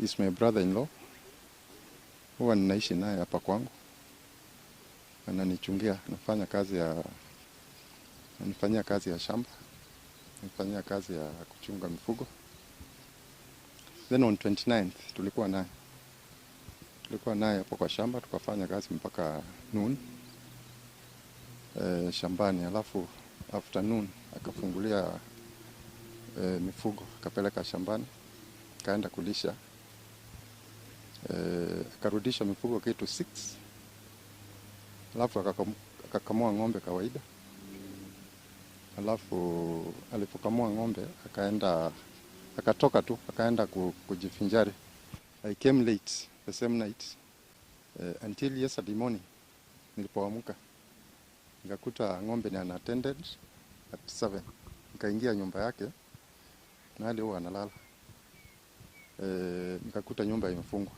is my brother-in-law, huwa ninaishi naye hapa kwangu, ananichungia, anafanya kazi ya anifanyia kazi ya shamba, anifanyia kazi ya kuchunga mifugo. Then on 29th tulikuwa naye tulikuwa naye hapo kwa shamba tukafanya kazi mpaka noon e, shambani. Alafu afternoon akafungulia e, mifugo akapeleka shambani, kaenda kulisha Eh, akarudisha mifugo kitu 6 alafu akakamua ng'ombe kawaida, alafu alipokamua ng'ombe akaenda akatoka tu akaenda kujifinjari. I came late the same night uh, until yesterday morning nilipoamka nikakuta ng'ombe ni unattended at 7. Nikaingia nyumba yake na hali huwa analala e, eh, nikakuta nyumba imefungwa.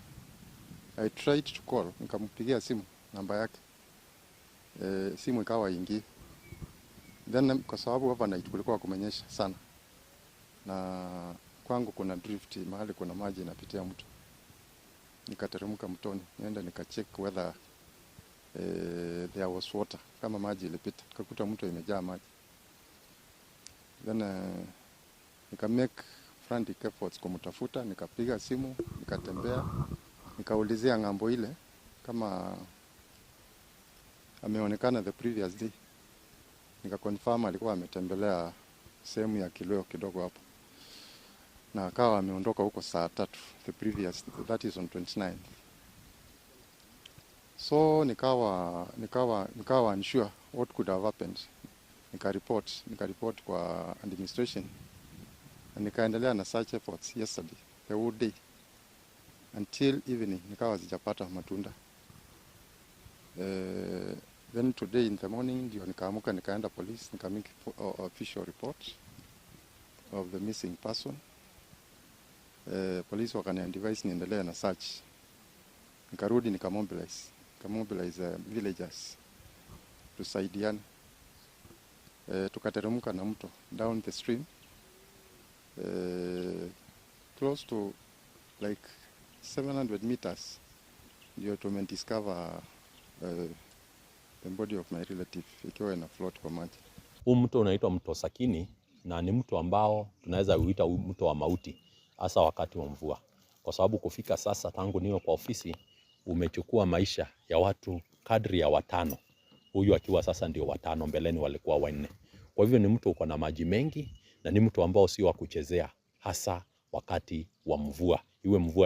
I tried to call, nikampigia simu namba yake e, simu ikawa ingi. then kwa sababu hapa night kulikuwa kumenyesha sana, na kwangu kuna drift, mahali kuna maji inapitia mtu, nikateremka mtoni nienda nikacheck whether e, there was water, kama maji ilipita, nikakuta mtu imejaa maji then uh, nika make frantic efforts kumtafuta, nikapiga simu, nikatembea nikaulizia ng'ambo ile kama ameonekana the previous day, nika confirm alikuwa ametembelea sehemu ya Kileo kidogo hapo, na akawa ameondoka huko saa tatu the previous, that is on 29 so nikawa nikawa nikawa unsure what could have happened, nika report nika report kwa administration, na nikaendelea na search efforts yesterday the whole day until evening nikawa zijapata matunda uh, then today in the morning ndio nikaamuka nikaenda police nika make official report of the missing person uh, eh, polisi wakaniadvise niendelee na search nikarudi nika mobilize nika mobilize uh, eh, villagers tusaidiane uh, eh, tukateremka na mto down the stream uh, close to like 700 meters ndio tumediscover uh, the body of my relative ikiwa ina float kwa maji. Huu mto unaitwa mto Sakini na ni mto ambao tunaweza uita mto wa mauti, hasa wakati wa mvua, kwa sababu kufika sasa, tangu niwe kwa ofisi, umechukua maisha ya watu kadri ya watano, huyu akiwa sasa ndio watano, mbeleni walikuwa wanne. Kwa hivyo ni mto uko na maji mengi na ni mto ambao sio wa kuchezea, hasa wakati wa mvua, iwe mvua